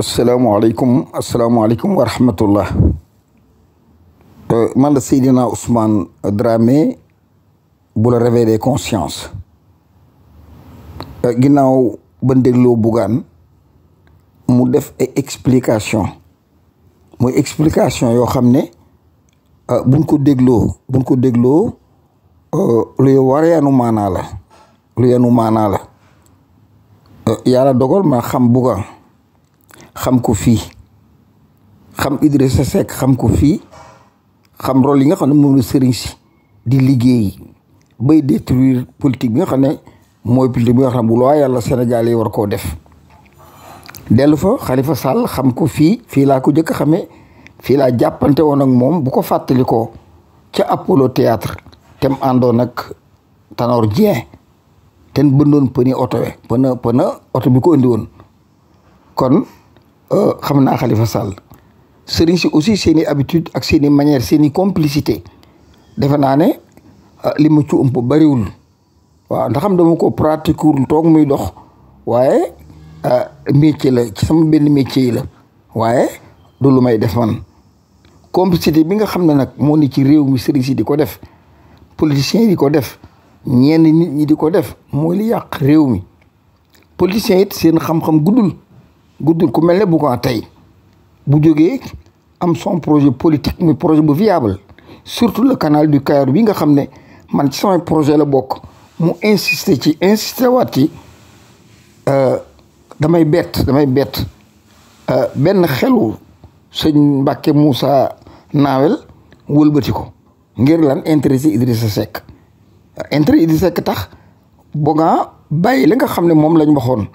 asalaamaaleykum asalaamaaleykum wa rahmatullah euh, man la Seydina Ousmane Dramé bu la conscience euh, ginnaaw ba dégloo Bougane mu def explication mooy explication yoo xam ne euh, buñ ko dégloo buñ ko dégloo lu war yanu maanaa la lu yanu maanaa la yàlla dogal ma xam Bougane xam ko fii xam Idrissa Seck xam ko fii xam rôle yi nga xam ne moom la sëriñ si di liggéey bay détruire politique bi nga xam ne mooy politique bi nga na bu loo yàlla Sénégal yi war koo def dellu fa Khalifa Sall xam ko fii fii laa ko jëkk xamee fii laa jàppante woon ak moom bu ko fàttalikoo ca Apollo Théâtre te mu àndoon ak Tanor Dieng ten bëndoon pëni oto we pëna pëna oto bi ko indi woon kon Euh, xam naa xalifa Sall sëriñ si aussi seeni i habitude ak seen i manière seen complicité defe naa ne euh, li mu ci bariwul waaw ndaxam xam dama ko pratique wul toog muy dox waaye euh, métier la sama benn métier yi la waaye du lu may def man complicité bi nga xam ne nag moo ni ci réew mi sëriñ si di ko def politiciens yi di ko def ñenn nit ñi di ko def mooy li yàq réew mi politiciens it seen xam-xam guddul guddul ko mel ne Bougan tey bu jógee am son projet politique muy projet bu viable surtout le canal du Cayor bi nga xam ne man ci samay projet la bokk mu insister ci insister waat ci euh, damay bett damay bett euh, benn xelu sëñ Mbàkke Moussa Nawel wëlbati ko ngir lan intéressé Idrissa Seck intérêt Idrissa Seck tax Bougan bàyyi li nga xam ne moom lañ waxoon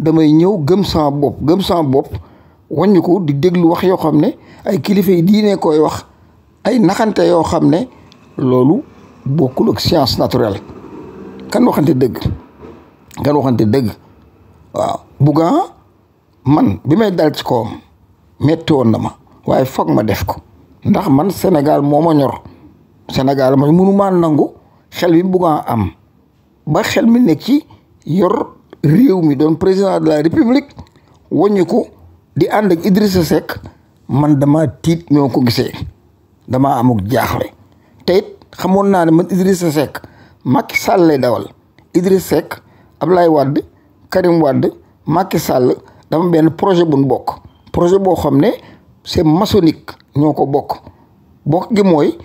damay ñëw gëm sama bopp gëm sama bopp wàññi ko di déglu wax yoo xam ne ay kilifa yi diine koy wax ay naxante yoo xam ne loolu bokkul ak science naturelle kan waxante dëgg kan waxante dëgg waaw man bi may dal ci kawam metti woon na ma waaye foog ma def ko ndax man Sénégal moo ma ñor Sénégal ma mënumaa nangu xel bi buggaa am ba xel mi nekk ci yor réew mi doon président de la république waññi ko di ànd ak Idrissa Seck man dama tiit ñoo ko gisee dama amuk jaaxle te it xamoon naa ne man Idrissa Seck Macky Sall lay dawal Idrissa Seck Ablaye Wade Karim Wade Macky Sall dama benn projet buñ bokk projet boo xam ne seen maçonnique ñoo ko bokk bokk gi mooy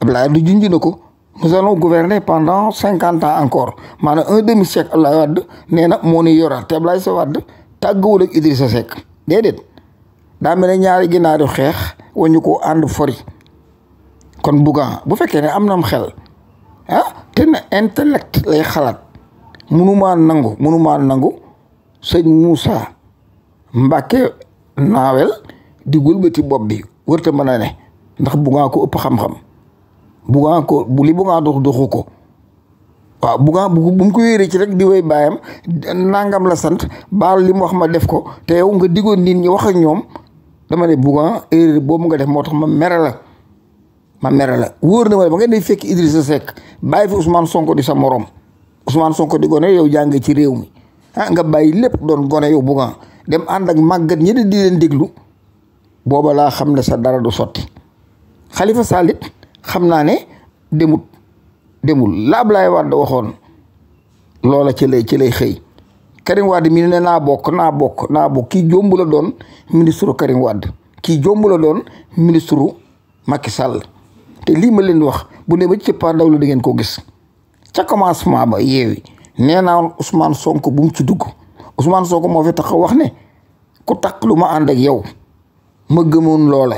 Ablaye du junj na ko nous allons gouverner pendant cinquante ans encore maanaam un demi siècle Abdoulaye Wade nee na moo ñu yoraat te Abdoulaye Sa Wade tàgguwul ak Idrissa Seck déedéet daa mel ne ñaari ginnaaru xeex wañu ko ànd fori kon Bougane bu fekkee ne am na mu xel ah te na intellect lay xalaat munumaa nangu munumaa nangu sëñ Moussa Mbacke naawel di gulbati bopp bi wërta mën naa ne ndax Bougane ko ëpp xam-xam Bougan ko li Bougan dox doxu ko waaw Bougan bu mu ko wéeree ci rek di way baayam nangam la sant baal li mu wax ma def ko te nga diggoon nit ñi wax ak ñoom dama ne Bougan erreur boobu nga def moo tax ma mere la ma mere la wóor na ma ba nga fekk Idrissa Seck bàyyi fi Ousmane Sonko di sa morom Ousmane Sonko di yow jàng ci réew mi ah, nga bàyyi lépp doon gone yow Bougan dem ànd ak màggat ñeneen di leen déglu booba laa xam ne sa dara du sotti Khalifa Sall xam naa ne demut demul la Ablaye Wade waxoon loola ci lay ci lay xëy Karim waad mi ne naa bokk naa bokk naa bokk kii jomb doon ministre Karim Wade kii jomb la ministre Macky Sall te lii ma leen wax bu ne ba ci pandaw la da ngeen ko gis ca commencement ba yeewi nee naa Ousmane Sonko bu mu ci dugg Ousmane Sonko moo fi taxaw wax ne ku takk lu ma ànd ak yow ma gëmoon loola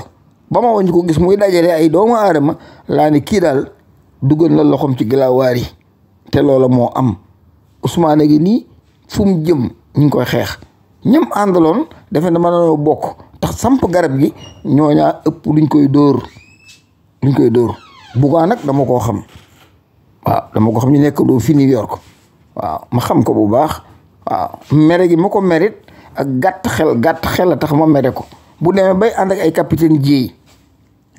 ba ma woñ ko gis muy dajale ay doomu aadama laa ne kii daal dugal na loxoom ci gilaawaar yi te loola moo am Ousmane gi nii fu mu jëm ñu ngi koy xeex ñëm àndaloon defe na mënoo bokk tax samp garab gi ñooñaa ëpp luñ koy dóor luñ koy dóor buggaa nag dama koo xam waaw dama ko xam ñu nekk doo fi New York waaw ma xam ko bu baax waaw mere gi mu ko merit ak gàtt xel gàtt xel a tax ma mere ko bu demee bay ànd ak ay capitaine jiey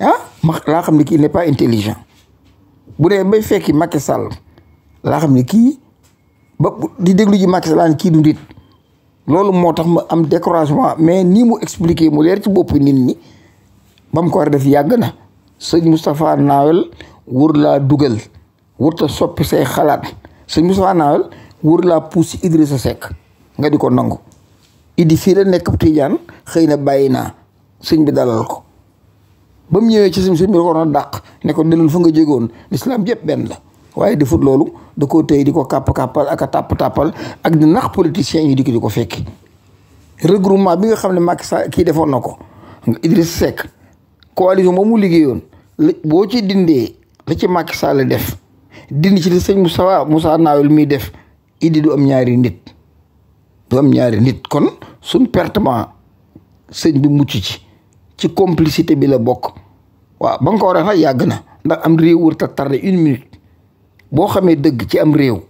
ah laa xam ne kii n'est pas intelligent bu dee bay fekki Macky Sall laa xam ne kii ba di déglu ji Macky Sall kii du nit loolu moo tax ma am découragement mais nii mu expliqué mu leer ci bopp nit ñi ba mu ko war def yàgg na sëñ Moustapha Nawel wër laa dugal wër soppi say xalaat sëñ Moustapha Nawel wër laa pousse sa Seck nga di ko nangu Idi fii la nekk Tidiane xëy na bàyyi naa sëñ bi dalal ko. ba mu ñëwee ci suñ suñ bi ko waroon a dàq ne ko ne leen fa nga jógoon lislaam yëpp benn la waaye defut loolu da koo tey di ko kàpp-kàppal ak a tàpp-tàppal ak di nax politiciens yi di ko ko fekki regroupement bi nga xam ne Macky Sall kii defoon na ko Idriss Seck coalition ba mu liggéeyoon boo ci dindee la ci Macky Sall def dindi ci li sëñ Moussa Moussa Nawel miy def idi du am ñaari nit du am ñaari nit kon suñ pertement sëñ bi mucc ci ci complicité bi la bokk waaw ba nga ko war a fay yàgg na ndax am réew wër ta tardé une minute boo xamee dëgg ci am réew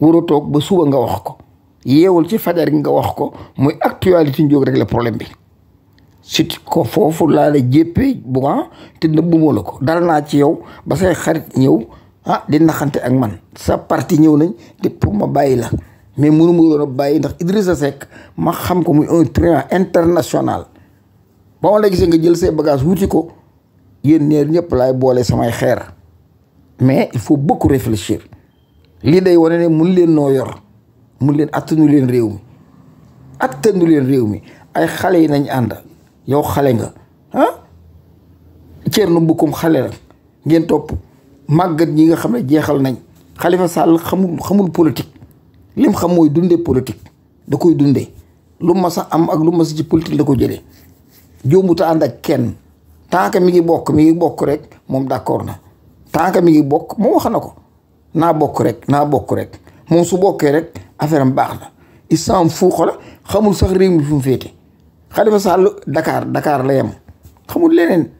war toog ba suba nga wax ko yeewul ci fajar gi nga wax ko muy actualité njóg rek la problème bi sit ko foofu laale la jéppee bu ma te nëbbuma la ko dal naa ci yow ba say xarit ñëw ah di naxante ak man sa parti ñëw nañ te pour ma bàyyi la mais mënuma doon a bàyyi ndax Idrissa Seck ma xam ko muy un triant international ba ma la gisee nga jël say bagage wuti ko yéen ñeer ñëpp laay boole samay xeer mais il faut beaucoup réfléchir lii day wane ne mun leen noo yor mun leen attanu leen réew mi attanu leen réew mi ay xale yi nañ ànd yow xale nga ah Thierno Bocoum xale la ngeen topp màggat ñi nga xam ne jeexal nañ Khalifa Sall xamul xamul politique lim xam mooy dundee politique da koy dunde lu mas a am ak lu mas ci politique la ko jëlee juumut a ànd ak kenn tant que mi ngi bokk mi ngi bokk rek moom d'accord na tant mi ngi bokk moom wax na ko naa bokk rek naa bokk rek moom su bokkee rek affaire am baax na il s'en fout xamul sax réew mi fu mu féete Khalifa Sall dakaar dakaar la yem xamul leneen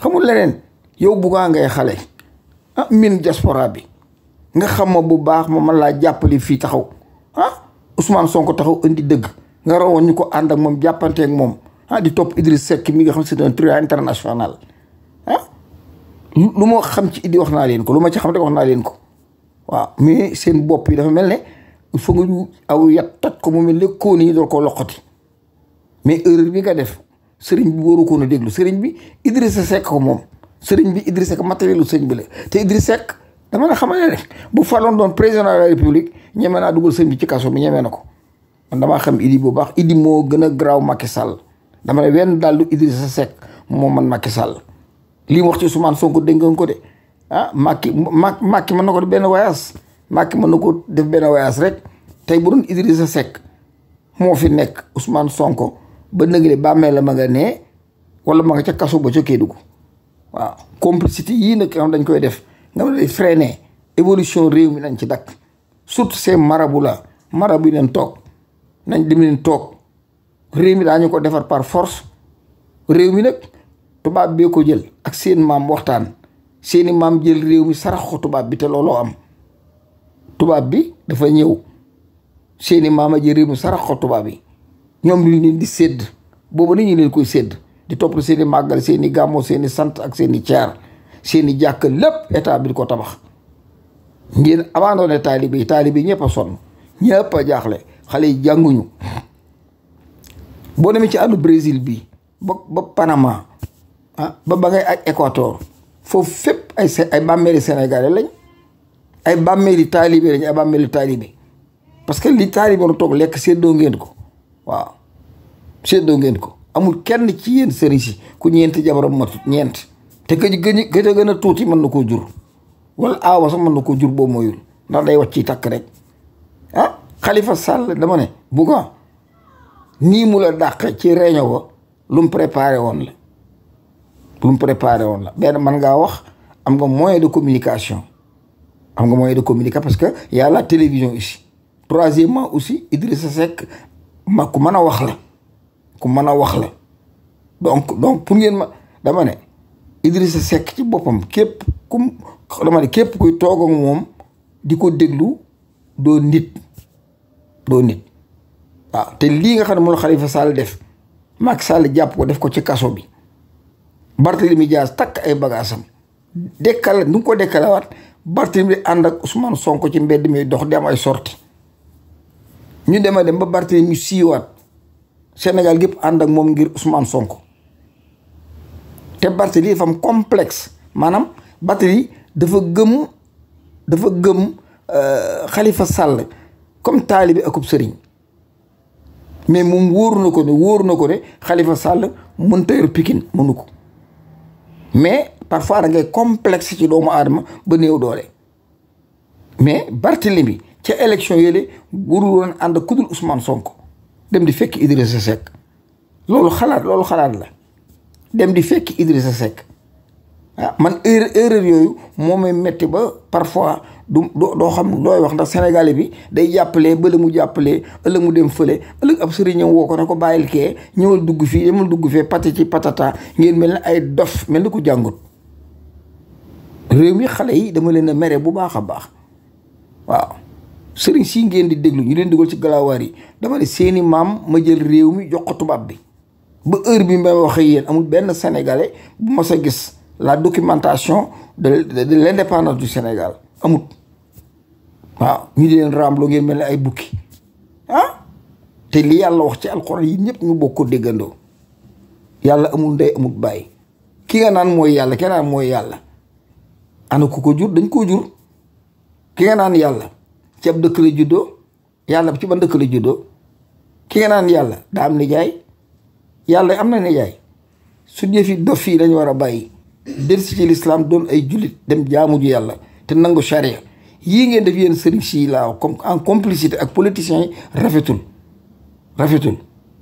xamul leneen yow buggaa ngay xale ah min diaspora bi nga xam ma bu baax ma man laa jàppali fii taxaw ah Ousmane Sonko taxaw indi dëgg nga rawoon ñu ko ànd ak moom jàppanteeg moom ah di topp Idriss Seck mi nga xam c'est un trio international ah lu ma xam ci Idi wax naa leen ko lu ma ci xam rek wax naa leen ko waaw mais seen bopp yi dafa mel ne il aw yat toj ko mu mel ne kóon yi door koo loqati mais erreur bi nga def sëriñ bi waru koon a déglu sëriñ bi Idriss Seck ko moom sëriñ bi Idriss Seck matérielu sëriñ bi la te Idriss Seck dama la xamal ne rek bu faloon doon président de la république ñeme naa dugal sëriñ bi ci kaso bi ñeme na ko man damaa xam Idi bu baax Idi moo gën a garaaw Macky Sall dama ne wenn daal du Idrissa Seck moom man Macky Sall lii mu wax ci Ousmane Sonko dégg nga ko de ah Macky Macky Macky mën na ko def benn voyage Macky mën na ko def benn voyage rek tey bu doon Idrissa moo fi nekk Ousmane Sonko ba nëgële bàmmee la ma nga nee wala ma nga ca kaso ba ca Kédougou waaw complicité yii nag am dañ koy def nga ma day freiner évolution réew mi nañ ci dakk surtout ces marabu la marabu yi leen toog nañ dem leen toog réew mi daañu ko defar par force réew mi nag tubaab bee ko jël ak seen maam waxtaan seeni maam jël réew mi sarax ko tubaab bi te looloo am tubaab bi dafa ñëw seeni maam a jël réew mi sarax ko tubaab bi ñoom ñu leen di sédd boobu nañu leen koy sédd di topp seeni màggal seeni gàmmoo seeni sant ak seeni caar seeni jàkk lépp état bi di ko tabax ngeen abandonné taalibe yi taalibe yi ñëpp a sonn ñëpp jaaxle xale yi jànguñu boo demee ci àllu Brésil bi ba ba Panama ah ba ba ngay ak Équateur foofu fépp ay ay bàmmeeli sénégalais lañ ay bàmmeeli taalibe lañ ay bàmmeeli taalibe parce que li taalibe war a toog lekk séddoo ngeen ko waaw séddoo ngeen ko amul kenn ci yéen sëriñ si ku ñeenti jabaram matut ñeent te këj gëñ këj a gën a tuuti mën na koo jur wala aawa sax mën na koo jur boo moyul ndax day wàcc ci takk rek ah Khalifa Sall dama ne buga nii mu la dàq ci réunion ba lu mu préparer woon la lu mu préparé woon la benn man ngaa wax am nga moyen de communication am nga moyen de communication parce que y a la télévision ici troisièmement aussi Idrissa Seck ma ku mën a wax la ku mën a wax la donc donc pour ngeen ma dama ne Idrissa Seck ci boppam képp ku dama ne képp kuy toog ak moom di ko déglu doo nit doo nit waaw te lii nga xam ne moom la Khalifa Sall def Macky Sall jàpp ko def ko ci kaso bi Barthélemy Dias takk ay bagaasam dekkala nu ngi ko dekkalawaat Barthélemy di ànd ak Ousmane Sonko ci mbedd mi dox di ay sorti ñu dema dem ba ñu siiwaat Sénégal gépp ànd ak moom ngir Ousmane Sonko te Barthélemy dafa am complexe maanaam Barthélemy dafa gëm dafa gëm xalifa euh, Sall comme taalibi akub sëriñ mais moom wóoru na ko ne wóoru na ko ne Khalifa Sall mënta yor Pikine mënu ko mais parfois da ngay complexe ci doomu aadama ba néew doole mais Barthélemy ca élection yële warul woon ànd ku dul sonk Sonko dem di fekk Idrissa Seck loolu xalaat loolu xalaat la dem di fekk Idrissa Seck ah, man erreur yooyu moo may metti ba parfois du doo xam looy wax ndax sénégalais bi day jàppalee bële mu jàppalee ëllëg mu dem fële ëllëg ab sëriñam woo ko ne ko bàyyil kee ñëwal dugg fii demal dugg fee pati ci patata ngeen mel ne ay dof mel ni ku jàngut réew mi xale yi dama leen a mere bu baax a baax waaw sëriñ si ngeen di déglu ñu leen dugal ci galawaar yi dama ne seeni maam ma jël réew mi jox ko tubaab bi ba heure bi may waxe yéen amul benn sénégalais bu ma sa gis la documentation de de l'indépendance du Sénégal amut waaw ñu di leen raamloo ngeen mel ni ay bukki ah te li yàlla wax ci alxuraan yi ñëpp ñu bokk ko déggandoo yàlla amul ndey amul bàyyi ki nga naan mooy yàlla ki mooy yàlla ana ku ko jur dañ koo jur ki nga naan yàlla ci ab juddoo yàlla ci ban dëkk juddoo ki yàlla am nijaay yàlla am na nijaay su jëfi dof yi lañ war a bàyyi delsi ci lislaam doon ay jullit dem jaamu ju yàlla te nangu sharia yii ngeen def yéen sëriñ si laaw comme en complicité ak politiciens yi rafetul rafetul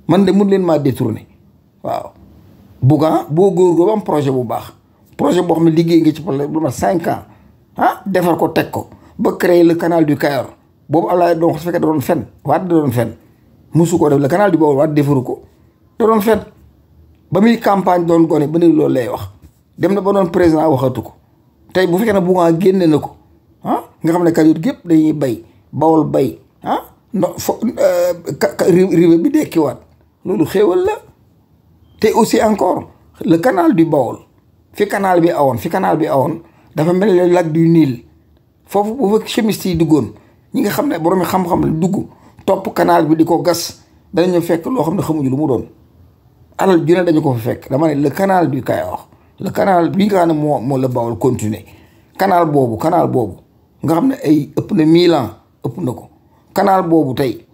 man de mun leen maa détourné waaw buggan boo góor ba am projet bu baax projet boo xam ne liggéey nga ci problème bu ma cinq ans ah defar ko teg ko ba créer le canal du Kayor boobu Ablaye doon ko su fekkee da doon fen waat da doon fen musu ko def la canal du Baol waat defaru ko da doon fen ba muy campagne doon gone ba ni loolu lay wax dem na ba doon président waxatu ko tey bu fekkee ne buggan génne na ko ah nga xam ne Kajoor gépp dañuy bay Bawol bay ndox ah, no fo euh, rive bi dekkiwaat loolu xéewal la te aussi encore la kanaal du Bawol fi canal bi awoon fi canal bi awoon dafa mel ne lac du Nil foofu bu duggoon ñi nga xam ne boromi xam-xam la dugg topp canal bi di ko gas danañu fekk loo xam ne xamuñu lu mu doon alal ju ne ko fekk dama ne le canal du bi nga xam ne moo moo la Bawol continuer kanaal boobu canal boobu nga xam ne ay ëpp na mille ëpp na ko canal boobu tey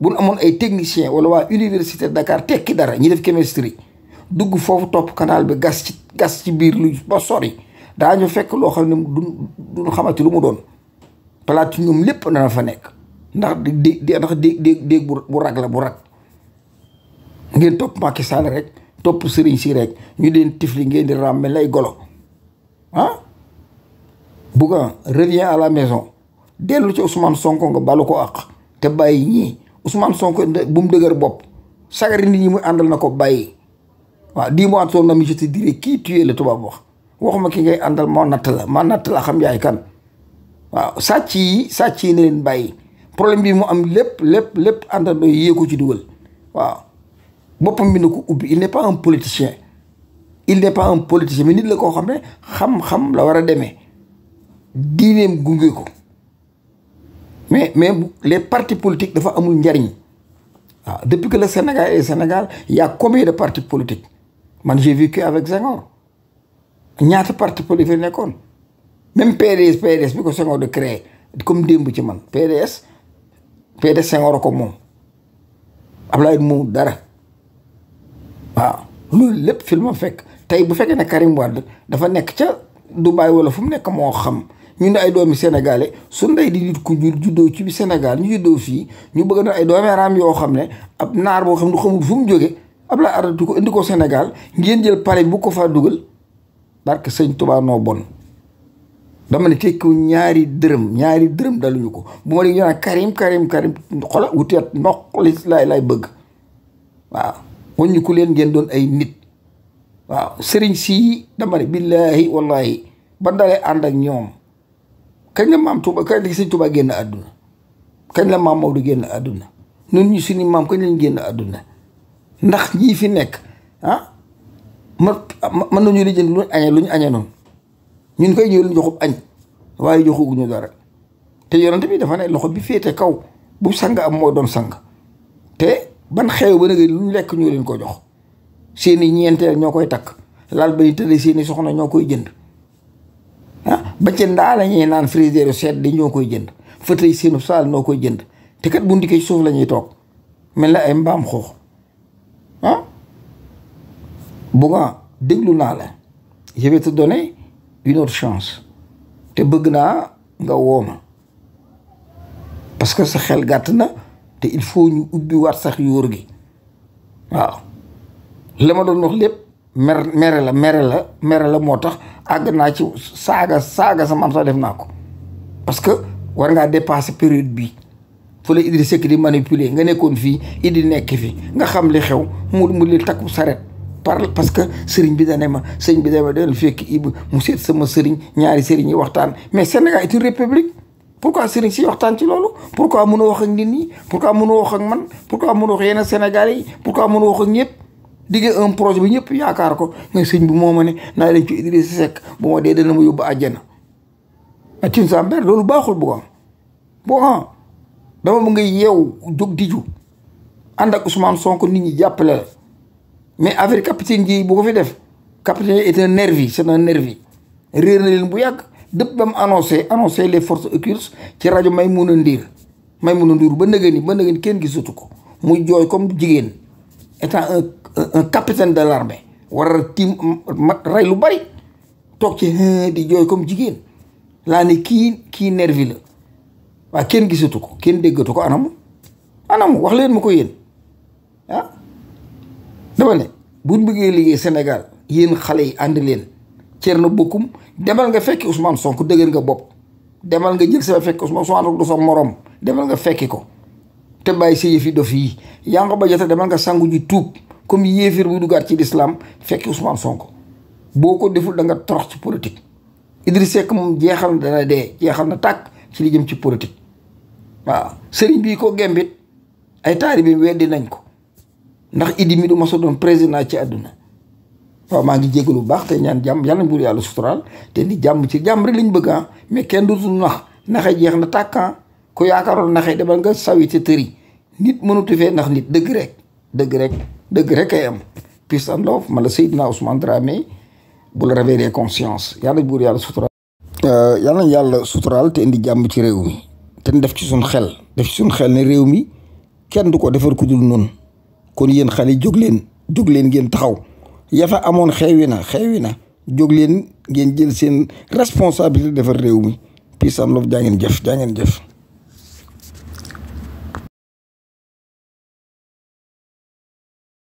bu nu amoon ay technicien wala waa université Dakar tekki dara ñi def chemistry dugg foofu topp kanaal bi gas ci gas ci biir lu ba sori daañu fekk loo xam ne du duñ xamati lu mu doon platinium lépp dana fa nekk ndax di di dé déeg bu rag la bu rag ngeen topp Macky Sall rek topp sëriñ si rek ñu deen tifli ngeen di ràmmel lay golo ah. Bougan revient à la maison dellu ci Ousmane Sonko nga balu ko àq te bàyyi ñii Ousmane Sonko bu mu dëgër bopp sagari nit ñi mu àndal na ko bàyyi waaw dis-moi ton ami je te dirai qui tu es tubaab wax waxuma ki ngay àndal moo natt la maa natt la xam yaay kan waaw sàcc yi sàcc yi ne leen bàyyi problème bi mu am lépp lépp lépp àndal doo yéeku ci dugal waaw boppam bi na ko ubbi il n'est pas un politicien il n'est pas un politicien mais nit la koo xam ne xam-xam la war a demee diineem gunge ko mais mais les parti politiques dafa amul njariñ waaw ah, depuis que le Sénégal est Sénégal y a combien de partis man j'ai vécu avec Senghor ñaata partis politiques fi nekkoon même PDS PDS bi ko Senghor de créer comme démb ci man PDS PDS Senghor ko moom Ablaye moom dara waaw loolu lépp fi ma fekk tey bu fekkee ne Karim Wade dafa nekk ca Dubaï wala fu mu nekk moo xam ñu ne ay doomi sénégalais su ndey di nit ku ñuul juddoo ci bi Sénégal ñu juddoo fii ñu bëgg na ay doomi yoo xam ne ab naar boo xam ne xamul fu mu jóge ab laa aratu ko indikoo ko ngeen jël pare bu ko faa dugal barke sëñ Tuubaa noo bon dama ne tekkiwu ñaari dërëm ñaari dërëm daluñu ko bu ma léegi ñu naan karim karim karim xola wuteet noq li bëgg waaw waññu ku leen ngeen doon ay nit waaw sëriñ sii dama ne billaahi wallaahi ba dalee ànd ñoom kañ la maam Touba kañ la sëñ Touba génn àdduna kañ la maam Maodo génn àdduna ñun ñu suñu maam kañ lañ génn àdduna ndax ñii fi nekk ah ma mën nañu di jënd lu añee lu añee noonu ñun koy ñëw lu añ waaye joxuguñu dara te yonent bi dafa ne loxo bi féete kaw bu sang am moo doon sang te ban xew ba nag lu ñu lekk ñu leen ko jox seeni ñeenteel ñoo koy takk laal ba ñu tëddee seeni soxna ñoo koy jënd ah ba ca ndaa la ñuy naan frigidaire sedd di ñoo koy jënd fauteuil seenu saal noo koy jënd te kat bu ndikkee ci suuf la ñuy toog mel na ay mbaam xoox ah bu déglu naa la je vais te donner une chance te bëgg naa nga wooma parce que sa xel gàtt na te il faut ñu ubbi waat sax yóor gi waaw la ma doon wax lépp mer mere la mere la mere la moo tax àgg naa ci saaga saaga sama am sa def naa ko parce que war ngaa dépasser période bi fu la Idrissa Seck di manipuler nga nekkoon fii Idi nekk fi nga xam li xew mu mu li takku saret par parce que sëriñ bi dane ma sëriñ bi dane ma dal fekk Ibou mu seet sama sëriñ ñaari sëriñ yi waxtaan mais Sénégal est une république pourquoi sëriñ si waxtaan ci loolu pour pourquoi mënoo wax ak nit ñi pourquoi mënoo wax ak man pourquoi mënoo wax yenn Sénégalais yi pourquoi mënoo wax ak ñëpp digg un projet bi ñëpp yaakaar ko nga sëñ bi moo ma ne naa leen ci Idrissa Seck bu ma dee dana ma yóbbu àjjana a tin samber loolu baaxul bu am bo ah dama mu nga yeew jóg diju ànd ak Ousmane sonk nit ñi jàppale la mais affaire capitaine ji bu ko fi def capitaine est un nervi c'est nervi réer na leen bu yàgg dëpp ba mu annoncé annoncé les forces occultes ci rajo Maïmouna a ndiir Ndour ba nëgën ni ba nëgën kenn gisutu ko muy jooy comme jigéen un capitaine de l'armée war a tiim rey lu bari toog ci di jooy comme jigéen laa ne kii kii nervi la waaye kenn gisatu ko kenn déggatu ko anam anam wax leen mu ko yéen ah dama ne buñ bëggee liggéey Sénégal yéen xale yi ànd leen na Bocoum demal nga fekki Ousmane sonk dëgër nga bopp demal nga jël sa fekk Ousmane Sonko du sa morom demal nga fekki ko te bàyyi sa yëfi dof yi yaa ngi ba jota demal nga sangu ji tuub comme yéefir buy duggaat ci lislaam fekk Ousmane Sonko boo ko deful da nga torox ci politique Idriss Seck moom jeexal na dana dee jeexal na tàkk ci li jëm ci politique waaw sëriñ bii ko gembit ay taalibe weddi nañ ko ndax Idi mi du mos a ci àdduna waaw maa ngi jégalu bu baax te ñaan jàmm yàlla buur yàlla suturaal te ni jàmm ci jàmm rek lañ bëgg ah. mais kenn dootul nax naxe jeex na tàkkan ah. ku yaakaaroon naxe demal nga sawi te tëri nit mënutu fee ndax nit dëgg rek dëgg rek dëgg rek ay am peace and love man la Seydina Ousmane Dramé bu la réveiller conscience yàlla buur yàlla suturaal euh, yal nañ yàlla suturaal te indi jàmm ci réew mi te def ci suñ xel def ci suñ ne réew mi kenn du ko defar ku dul noonu kon yéen xale jóg leen jóg leen ngeen taxaw yafa amoon xeewi na xeewi na jóg leen ngeen jël seen responsabilité defar réew mi peace and love jaa ngeen jëf jaa ngeen